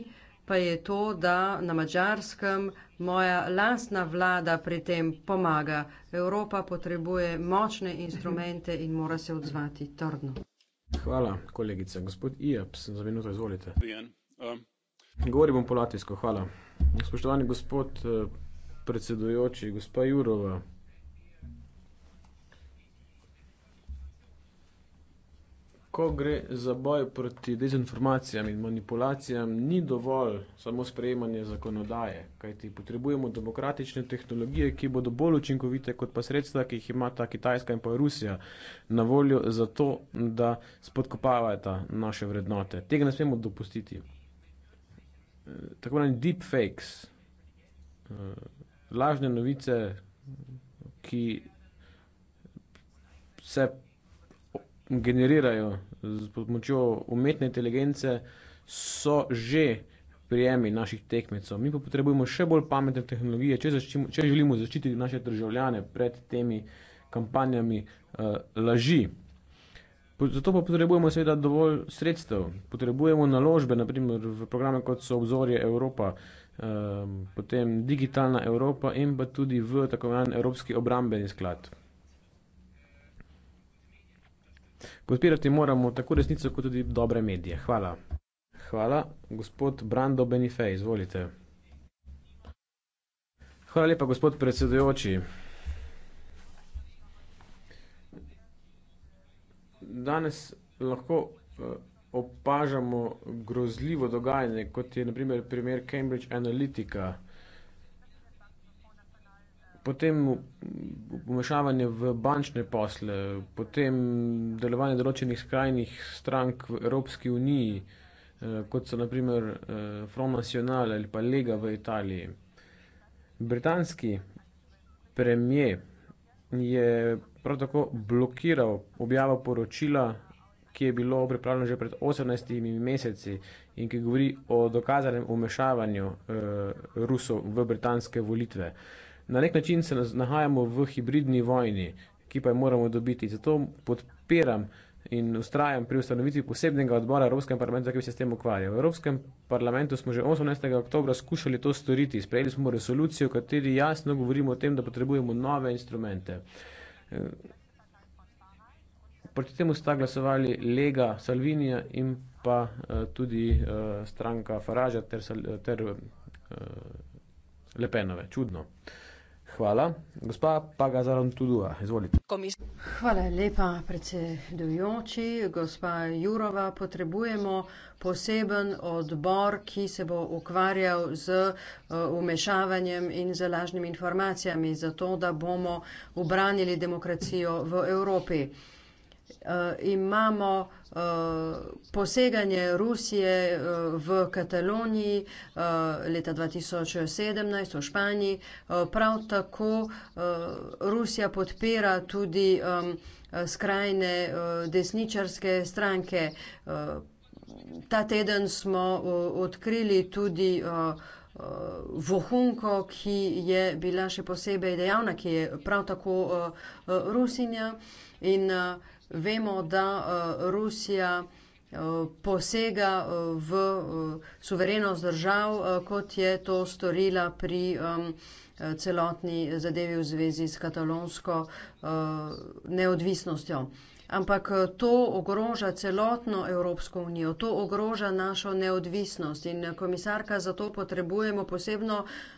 pa je to, da na mačarskem moja lastna vlada pri tem pomaga. Evropa potrebuje močne instrumente in mora se odzvati trdno. Hvala, kolegica. Gospod Ijab, za minuto izvolite. Um, Govori bom po latinsko, hvala. Spoštovani gospod eh, predsedujoči, gospa Jurova. ko gre za boj proti dezinformacijam in manipulacijam, ni dovolj samo sprejemanje zakonodaje, kajti potrebujemo demokratične tehnologije, ki bodo bolj učinkovite kot pa sredstva, ki jih ima ta Kitajska in pa Rusija na voljo za to, da spodkopavajo naše vrednote. Tega ne smemo dopustiti. Eh, tako imenovani deepfakes, eh, lažne novice, ki se generirajo s pomočjo umetne inteligence, so že prijemi naših tekmecov. Mi pa potrebujemo še bolj pametne tehnologije, če, zaščimo, če želimo zaščititi naše državljane pred temi kampanjami uh, laži. Zato pa potrebujemo seveda dovolj sredstev, potrebujemo naložbe, naprimer v programe, kot so obzorje Evropa, eh, potem digitalna Evropa in pa tudi v tako imenovan Evropski obrambeni sklad. Podpirati moramo tako resnico, kot tudi dobre medije. Hvala. Hvala, gospod Brando Benifej, izvolite. Hvala lepa, gospod predsedujoči. Danes lahko eh, opažamo grozljivo dogajanje, kot je naprimer primer Cambridge Analytica potem vmešavanje v bančne posle, potem delovanje določenih skrajnih strank v Evropski uniji, eh, kot so naprimer eh, Front National ali pa Lega v Italiji. Britanski premijer je prav tako blokiral objavo poročila, ki je bilo pripravljeno že pred 18 meseci in ki govori o dokazanem vmešavanju eh, Rusov v britanske volitve na nek način se nahajamo v hibridni vojni, ki pa jo moramo dobiti. Zato podpiram in ustrajam pri ustanovitvi posebnega odbora Evropskega parlamenta, ki bi se s tem ukvarjal. V Evropskem parlamentu smo že 18. oktobra skušali to storiti. Sprejeli smo resolucijo, v kateri jasno govorimo o tem, da potrebujemo nove instrumente. Eh, proti temu sta glasovali Lega Salvinija in pa uh, tudi uh, stranka Faraža ter, ter uh, Lepenove. Čudno. Uh, Hvala. Gospa Pagazaron Tudua, izvolite. Hvala lepa, predsedujoči. Gospa Jurova, potrebujemo poseben odbor, ki se bo ukvarjal z umešavanjem eh, in z lažnimi informacijami, zato da bomo obranili demokracijo v Evropi uh, imamo uh, poseganje Rusije uh, v Kataloniji uh, leta 2017 v Španiji. Uh, prav tako uh, Rusija podpira tudi um, skrajne uh, desničarske stranke. Uh, ta teden smo uh, odkrili tudi. Uh, Vohunko, ki je bila še posebej dejavna, ki je prav tako uh, Rusinja in uh, Vemo, da eh, Rusija eh, posega eh, v suverenost držav, kot je to storila pri celotni zadevi v zvezi s katalonsko neodvisnostjo. Ampak to ogroža celotno Evropsko unijo, to ogroža našo neodvisnost in komisarka, zato potrebujemo posebno uh,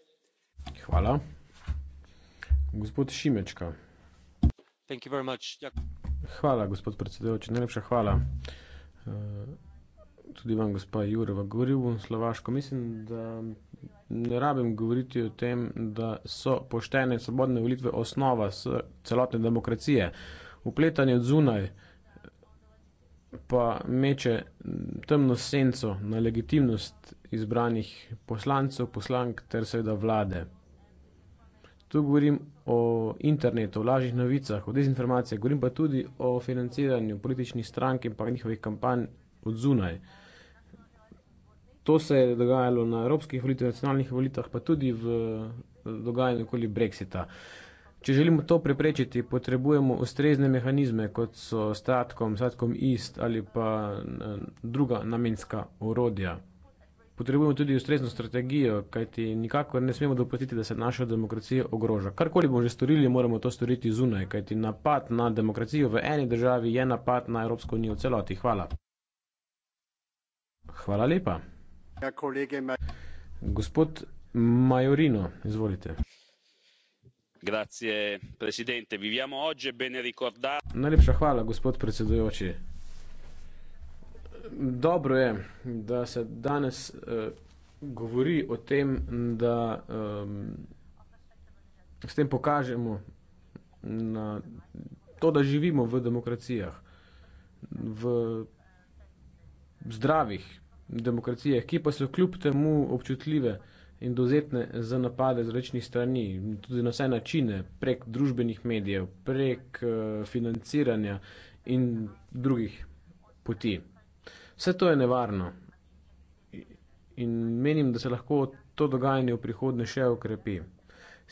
Hvala. Gospod Šimečka. Hvala, gospod predsedujoči, najlepša hvala. Eh, tudi vam, gospa Jureva, govoril bom slovaško. Mislim, da ne rabim govoriti o tem, da so poštene in svobodne volitve osnova celotne demokracije. Upletanje od zunaj pa meče temno senco na legitimnost izbranih poslancev, poslank ter seveda vlade. Tu govorim o internetu, o lažjih novicah, o dezinformacijah, govorim pa tudi o financiranju političnih strank in pa njihovih kampanj od zunaj. To se je dogajalo na evropskih volitev, nacionalnih volitvah, pa tudi v dogajanju okoli Brexita. Če želimo to preprečiti, potrebujemo ustrezne mehanizme, kot so statkom, statkom ist ali pa eh, druga namenska orodja potrebujemo tudi ustrezno strategijo, kajti nikakor ne smemo dopustiti, da se naša demokracija ogroža. Karkoli bomo že storili, moramo to storiti zunaj, kajti napad na demokracijo v eni državi je napad na Evropsko unijo v celoti. Hvala. Hvala lepa. Ja, kolege, ma... Gospod Majorino, izvolite. Grazie, predsednik. Viviamo oggi e bene ricordati. Najlepša hvala, gospod predsedujoči dobro je, da se danes uh, govori o tem, da um, s tem pokažemo na to, da živimo v demokracijah, v zdravih demokracijah, ki pa so kljub temu občutljive in dozetne za napade z različnih strani, tudi na vse načine, prek družbenih medijev, prek uh, financiranja in drugih poti. Vse to je nevarno. In menim, da se lahko to dogajanje v prihodnje še ukrepi.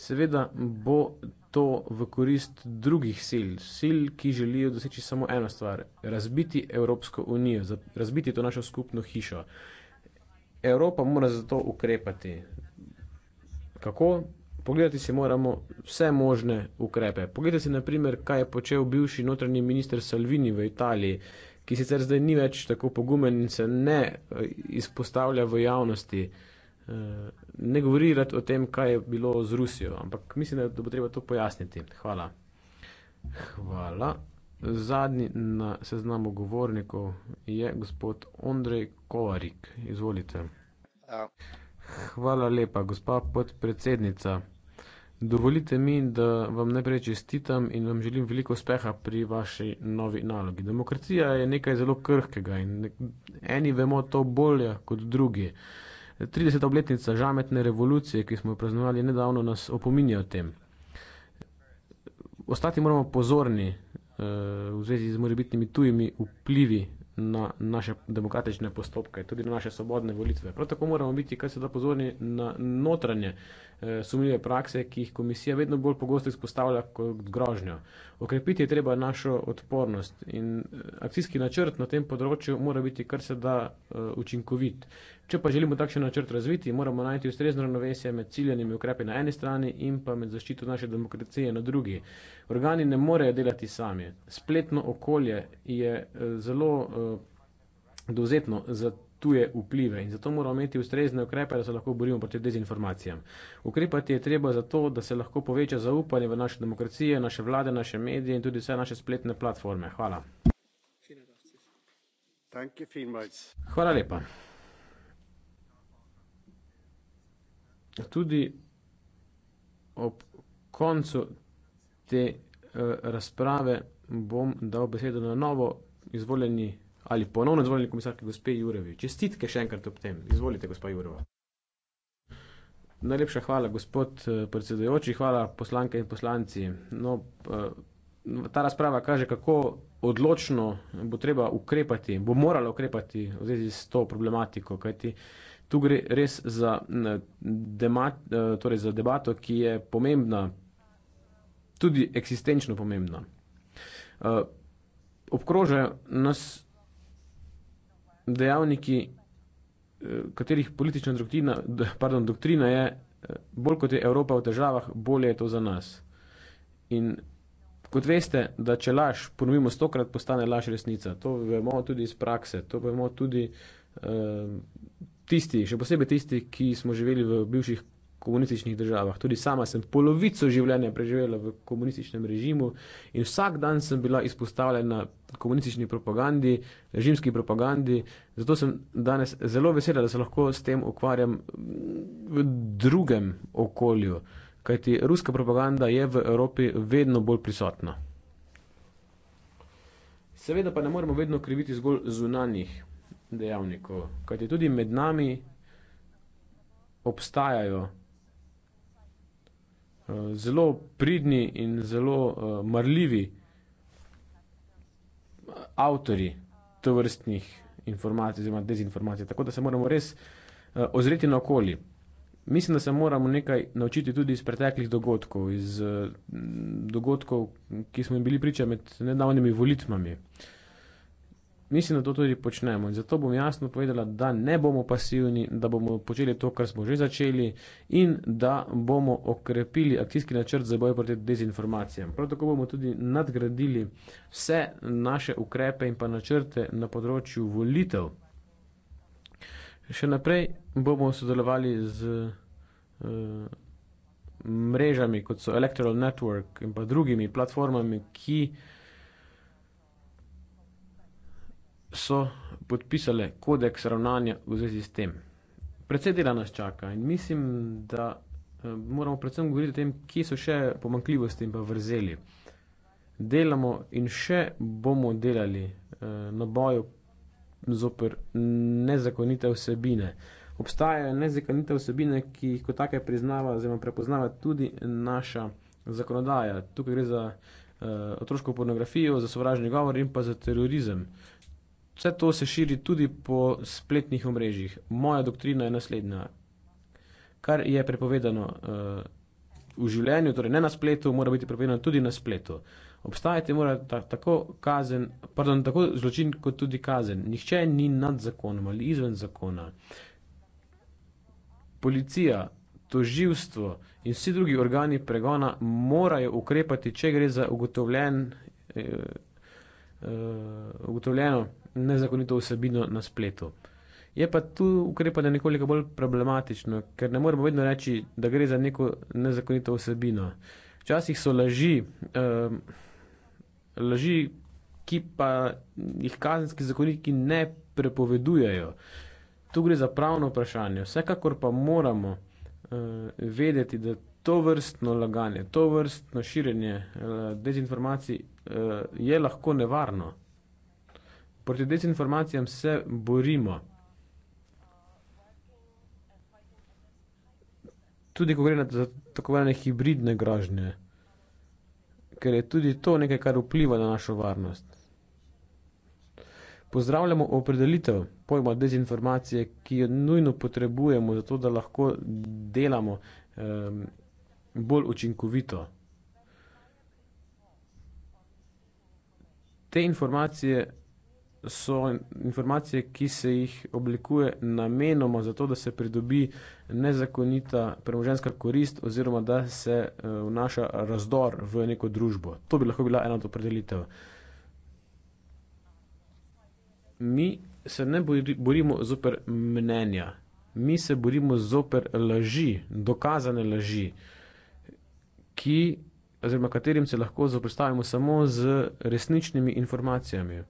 Seveda bo to v korist drugih sil, sil, ki želijo doseči samo eno stvar: razbiti Evropsko unijo, razbiti to našo skupno hišo. Evropa mora zato ukrepati. Kako? Pogledati si moramo vse možne ukrepe. Poglejte si, naprimer, kaj je počel bivši notranji minister Salvini v Italiji ki sicer zdaj ni več tako pogumen in se ne eh, izpostavlja v javnosti, eh, ne govori rad o tem, kaj je bilo z Rusijo, ampak mislim, da bo treba to pojasniti. Hvala. Hvala. Zadnji na seznamu govornikov je gospod Andrej Kovarik. Izvolite. Ja. Hvala lepa, gospa podpredsednica. Dovolite mi, da vam najprej čestitam in vam želim veliko uspeha pri vaši novi nalogi. Demokracija je nekaj zelo krhkega in eni vemo to bolje kot drugi. 30. obletnica žametne revolucije, ki smo jo praznovali nedavno, nas opominja o tem. Ostati moramo pozorni eh, v zvezi z morebitnimi tujimi vplivi na naše demokratične postopke, tudi na naše svobodne volitve. Prav tako moramo biti, kar se da pozorni, na notranje Eh, sumljive prakse, ki jih komisija vedno bolj pogosto izpostavlja kot grožnjo. Okrepiti je treba našo odpornost in eh, akcijski načrt na tem področju mora biti kar se da eh, učinkovit. Če pa želimo takšen načrt razviti, moramo najti ustrezno ravnovesje med ciljenimi ukrepi na eni strani in pa med zaščito naše demokracije na drugi. Organi ne morejo delati sami. Spletno okolje je zelo dovzetno za tuje vplive in zato moramo imeti ustrezne ukrepe, da se lahko borimo proti dezinformacijam. Ukrepati je treba zato, da se lahko poveča zaupanje v naše demokracije, naše vlade, naše medije in tudi vse naše spletne platforme. Hvala. Hvala lepa. Tudi ob koncu te uh, razprave bom dal besedo na novo izvoljeni ali ponovno izvoljeni komisarki gospe Jurevi. Čestitke še enkrat ob tem. Izvolite, gospa Jureva. Najlepša hvala, gospod eh, predsedujoči, hvala poslanke in poslanci. No, eh, ta razprava kaže, kako odločno bo treba ukrepati, bo morala ukrepati v zvezi s to problematiko, kajti tu gre res za, demat, eh, torej za debato, ki je pomembna, tudi eksistenčno pomembna. Obkrožajo nas dejavniki, eh, katerih politična doktrina, pardon, doktrina je, eh, bolj kot je Evropa v težavah, bolje je to za nas. In kot veste, da če laž ponovimo stokrat, postane laž resnica. To vemo tudi iz prakse, to vemo tudi eh, tisti, še posebej tisti, ki smo živeli v bivših komunističnih državah. Tudi sama sem polovico življenja preživela v komunističnem režimu in vsak dan sem bila izpostavljena komunistični propagandi, režimski propagandi. Zato sem danes zelo vesela, da se lahko s tem ukvarjam v drugem okolju, kajti ruska propaganda je v Evropi vedno bolj prisotna. Seveda pa ne moremo vedno kriviti zgolj zunanjih dejavnikov, kajti tudi med nami obstajajo Eh, zelo pridni in zelo eh, marljivi avtori tovrstnih informacij, oziroma dezinformacij. Tako da se moramo res eh, ozreti na okoli. Mislim, da se moramo nekaj naučiti tudi iz preteklih dogodkov, iz dogodkov, ki smo jim bili priča med nedavnimi volitvami. Mislim, da to tudi počnemo in zato bom jasno povedala, da ne bomo pasivni, da bomo počeli to, kar smo že začeli in da bomo okrepili akcijski načrt za boj proti dezinformacijam. Prav tako bomo tudi nadgradili vse naše ukrepe in pa načrte na področju volitev. Še naprej bomo sodelovali z uh, mrežami, kot so Electoral Network in pa drugimi platformami, ki. so podpisale kodeks ravnanja v zvezi s tem. Predvsej dela nas čaka in mislim, da eh, moramo predvsem govoriti o tem, kje so še pomankljivosti in pa vrzeli. Delamo in še bomo delali eh, na boju zoper nezakonite vsebine. Obstajajo nezakonite vsebine, ki jih kot take priznava oziroma prepoznava tudi naša zakonodaja. Tukaj gre za uh, otroško pornografijo, za sovražni govor in pa za terorizem. Uh, Vse to se širi tudi po spletnih omrežjih. Moja doktrina je naslednja. Kar je prepovedano uh, v življenju, torej ne na spletu, mora biti prepovedano tudi na spletu. Obstajati mora ta, tako, kazen, pardon, tako zločin, kot tudi kazen. Nihče ni nad zakonom ali izven zakona. Policija, toživstvo in vsi drugi organi pregona morajo ukrepati, če gre za ugotovljen, uh, uh, ugotovljeno nezakonito vsebino na spletu. Je pa tu ukrepanje nekoliko bolj problematično, ker ne moremo vedno reči, da gre za neko nezakonito vsebino. Včasih so laži, eh, laži, ki pa jih kazenski zakoniki ne prepovedujejo. Tu gre za pravno vprašanje. Vsekakor pa moramo eh, vedeti, da to vrstno laganje, to vrstno širjenje eh, dezinformacij eh, je lahko nevarno. Proti dezinformacijam se borimo. Tudi, ko gre za tako imenovane hibridne grožnje, ker je tudi to nekaj, kar vpliva na našo varnost. Pozdravljamo opredelitev pojma dezinformacije, ki jo nujno potrebujemo, zato da lahko delamo um, bolj učinkovito. Te informacije so informacije, ki se jih oblikuje namenoma za to, da se pridobi nezakonita premoženska korist oziroma da se eh, vnaša razdor v neko družbo. To bi lahko bila ena od opredelitev. Mi se ne borimo zoper mnenja, mi se borimo zoper laži, dokazane laži, ki, oziroma katerim se lahko zoprstavimo samo z resničnimi informacijami.